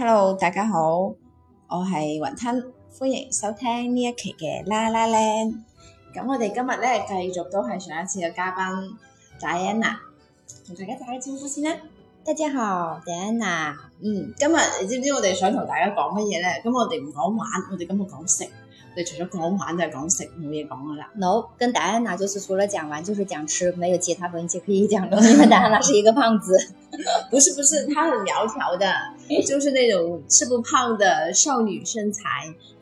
Hello，大家好，我係雲吞，歡迎收聽呢一期嘅 La La Land。咁我哋今日呢繼續都係上一次嘅嘉賓 Diana，同大家打個招呼先啦。大家好，Diana，嗯，今日你知唔知我哋想同大家講乜嘢呢？咁我哋唔講玩，我哋今日講食。除咗講玩就係講食冇嘢講噶啦。No，跟戴安娜就是除了講玩，就是講吃，沒有其他文字可以講咯。因為戴安娜是一個胖子， 不是不是，她很苗條的，mm. 就是那種吃不胖的少女身材。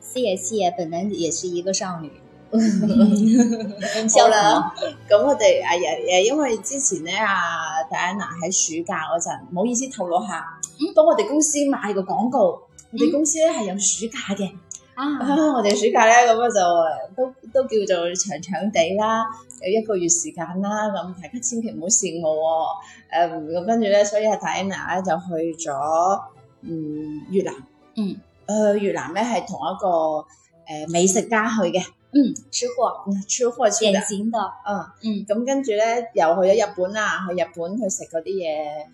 謝、mm. 謝，本人也是一個少女。Mm. 笑啦 好好，咁 我哋誒誒，因為之前咧阿戴安娜喺暑假嗰陣，唔好意思透露下，mm. 幫我哋公司買個廣告。Mm. 我哋公司咧係有暑假嘅。啊，啊！我哋暑假咧咁，啊就都都叫做長長地啦，有一個月時間啦，咁大家千祈唔好羨慕喎、哦。咁跟住咧，所以阿 Tina 咧就去咗嗯，越南，嗯誒、呃、越南咧係同一個誒、呃、美食家去嘅，嗯吃貨，吃貨，典型的，嗯過過過過過過，嗯，咁跟住咧又去咗日本啦，去日本去食嗰啲嘢。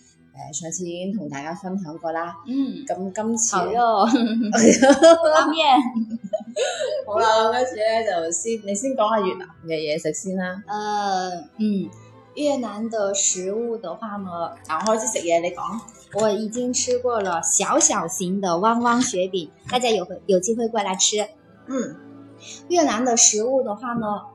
上次已經同大家分享過啦，嗯，咁今次，好 好咩？ 好啦，好今次咧就先，你先講下越南嘅嘢食先啦。誒、呃，嗯，越南的食物嘅話呢，嗱、啊，我開始食嘢，你講。我已經吃過了小小型嘅旺旺雪餅，大家有有機會過來吃。嗯，越南的食物嘅話呢？嗯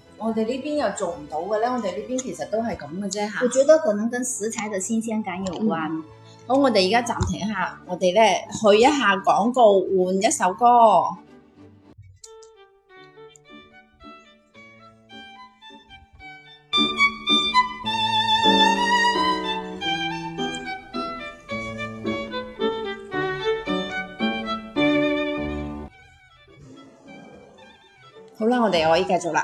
我哋呢邊又做唔到嘅呢，我哋呢邊其實都係咁嘅啫吓。我覺得可能跟食材嘅新鮮感有關。嗯、好，我哋而家暫停一下，我哋呢去一下廣告，換一首歌。嗯、好啦，我哋可以繼續啦。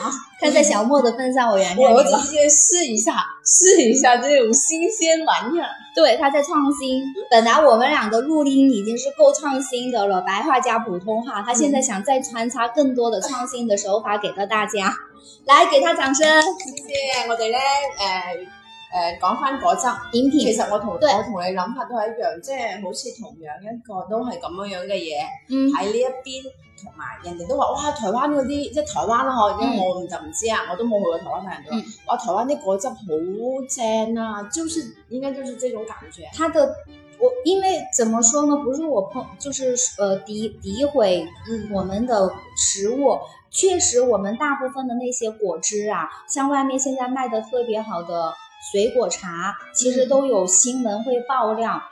好，看在小莫的份上，我原諒你。我只是試一下，試一下這種新鮮玩意兒。對，他在創新。本來我們兩個錄音已經是夠創新的了，白話加普通話。他現在想再穿插更多的創新的手法給到大家，嗯。來，給他掌聲。謝謝我哋呢誒誒，呃呃，講翻果汁飲品。其實我同我同你諗法都係一樣，即、就、係、是，好似同樣一個都係咁樣樣嘅嘢。嗯。喺呢一邊。同埋人哋都話哇，台灣嗰啲即台灣咯，因為我就唔知啊，我都冇去過台灣旅遊。哇，台灣啲、嗯嗯、果汁好正啊！就是應該就是這種感覺。他的我，因為怎麼說呢？不是我碰，就是呃，詆，詆毀毀我們的食物。確、嗯、實，我們大部分的那些果汁啊，像外面現在賣得特別好的水果茶，其實都有新聞會爆料。嗯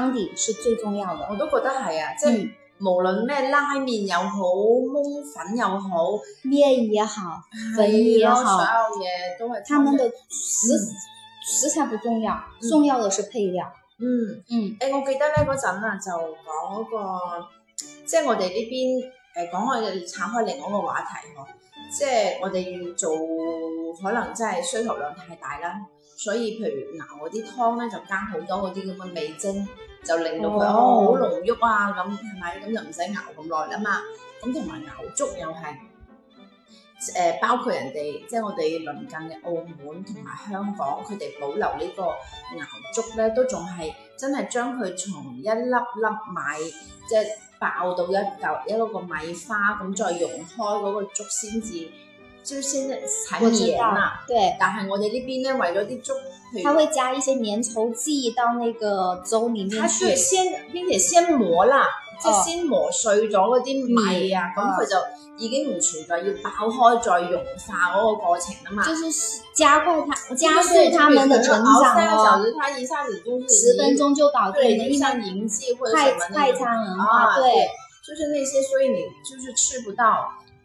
湯底是最重要的，我都覺得係啊，即係、嗯、無論咩拉麵又好，檬粉又好，麵也好，粉也好，所有嘢都係。他們的食食材不重要，重要的是配料。嗯嗯。誒、嗯，我記得咧嗰陣啊，就講嗰、那個，即係我哋呢邊誒、呃、講開，拆開另外一個話題，哦、即係我哋做可能真係需求量太大啦。所以譬如熬嗰啲湯咧，就加好多嗰啲咁嘅味精，就令到佢哦好濃郁啊咁，係、oh. 咪？咁就唔使熬咁耐啦嘛。咁同埋牛粥又係，誒包括人哋即係我哋鄰近嘅澳門同埋香港，佢、mm-hmm. 哋保留呢個牛粥咧，都仲係真係將佢從一粒粒米即係、就是、爆到一嚿一粒個米花，咁再溶開嗰個粥先至，就是現在才黏嘛，對。但係我哋呢邊呢，為咗啲粥，它會加一些粘稠劑到那個粥裏面去。它先並且先磨啦、哦，就先磨碎咗嗰啲米、嗯、啊、咁、嗯、佢、嗯、就已經唔存在要爆開再融化嗰個過程啦嘛。就是加快它，加速它們的成長，的成長、哦、三個小時，它一下子就是十分鐘就搞定。對，像凝劑或者什麼的啊，對、對，就是那些，所以你就是吃不到。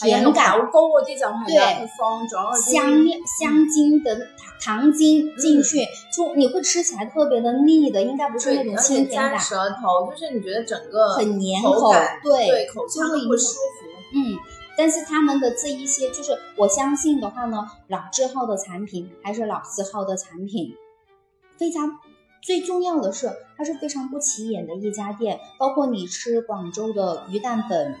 甜感，糕嗰啲就對放咗香料、香精的糖精進去，嗯，就你會吃起來特別的膩的，應該不是那種清甜的。舌頭就是你覺得整個感很粘口，對，就會不舒服。嗯，但是他們的這一些就是我相信的話呢，老字號的產品還是老字號的產品，非常最重要的是，它是非常不起眼的一家店，包括你吃廣州的魚蛋粉。嗯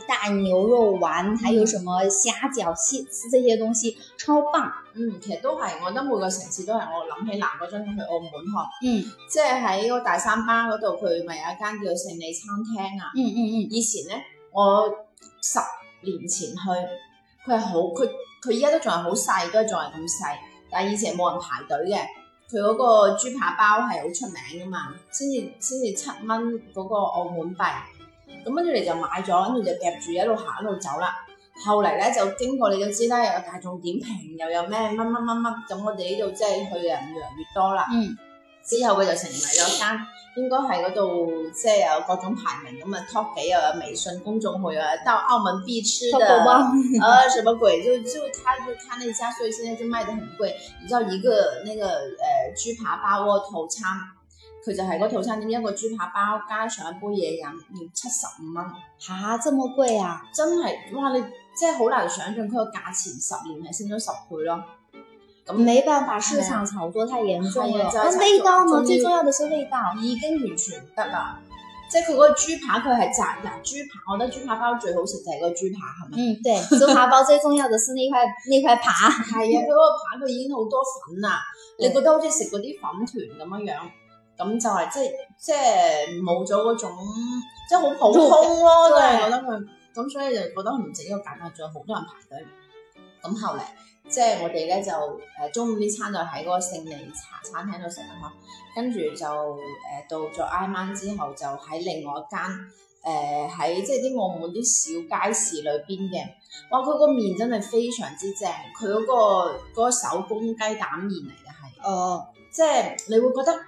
大牛肉丸，還有什麼蝦餃、西施這些東西，超棒。嗯，其實都係，我覺得每個城市都係我諗起兩個鐘頭去澳門嗬。嗯，即係喺個大三巴嗰度，佢咪有一間叫勝利餐廳啊。嗯嗯嗯。以前咧，我十年前去，佢係好，佢佢依家都仲係好細，都仲係咁細。但係以前冇人排隊嘅，佢嗰個豬扒包係好出名噶嘛，先至先至七蚊嗰個澳門幣。咁跟住你就買咗，跟住就夾住一路行一路走啦。後嚟咧就經過你都知啦，又有大眾點評，又有咩乜乜乜乜，咁我哋呢度即係去嘅人越嚟越多啦。嗯，之後佢就成為咗間，應該係嗰度即係有各種排名咁啊 top 幾，又有微信公眾號啊，有有到澳門必吃的，呃，什麼鬼就就佢就佢那家，所以現在就賣得很貴，然後一個那個誒豬、呃、扒包窩套餐。佢就係嗰套餐點一個豬扒包加上一杯嘢飲要七十五蚊吓，嚇，咁貴啊！真係哇，你即係好難想像佢個價錢十年係升咗十倍咯。咁沒辦法、啊，市場炒作太嚴重啦。就是、味道嘛，最重要的是味道已經完全唔得啦。即係佢個豬扒佢係雜仁豬扒，我覺得豬扒包最好食就係個豬扒係咪？嗯，對， 豬扒包最重要就是呢塊呢塊扒。係啊，佢嗰個扒佢已經好多粉啊，你覺得好似食嗰啲粉團咁樣樣。咁就係即即冇咗嗰種即好、就是、普通咯，都、就是、覺得佢咁，所以就覺得唔值呢個價格，仲有好多人排隊。咁後嚟即、就是、我哋咧就、呃、中午啲餐就喺嗰個勝利茶餐廳度食嘛。跟住就、呃、到咗挨晚之後就喺另外一間、呃、喺即啲澳門啲小街市裏邊嘅哇，佢個麵真係非常之正，佢嗰、個嗰個手工雞蛋麵嚟嘅係哦，即、就是、你會覺得。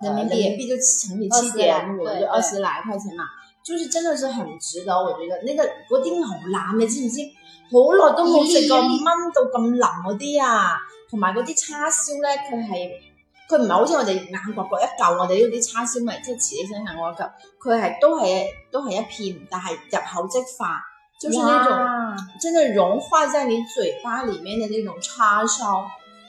嗯嗯嗯、必有吃人民幣就乘以七點五，就二十來塊錢嘛，就是真的是很值得。我覺得那個嗰啲牛腩，你知唔知？好耐都冇食過燜、嗯、到咁淋嗰啲啊，同埋嗰啲叉燒咧，佢係佢唔係好似我哋硬刮刮一嚿，我哋呢啲叉燒咪即係切起身我一嚿，佢係都係都係一片，但係入口即化，就是那種真的融化在你嘴巴裏面嘅那種叉燒。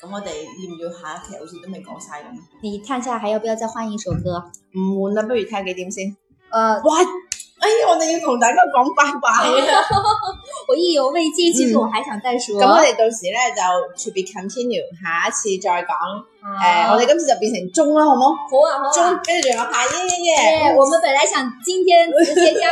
咁我哋要唔要下一期好似都未講晒咁？你睇下還要不要再換一首歌？唔換啦，不如睇下幾點先。呃，哇！哎呀，我哋要同大家講拜拜我意猶未盡，其實我還想再講。咁、嗯、我哋到時呢，就準備 continue，下一次再講、啊呃。我哋今次就變成中啦，好唔好？好啊，好啊，中跟住，好耶耶耶！我們本來想今天直接將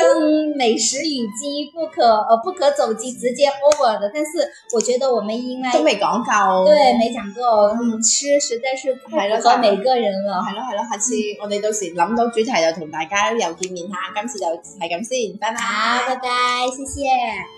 美食與機不可、 呃、不可走機直接 over 的，但是我覺得我們應該都未講夠，對，沒講夠、嗯，吃實在是太講每個人了。係咯係咯，下次我哋到時諗到主題就同大家又見面下、嗯。今次就係咁先，拜拜，好，拜拜，謝謝。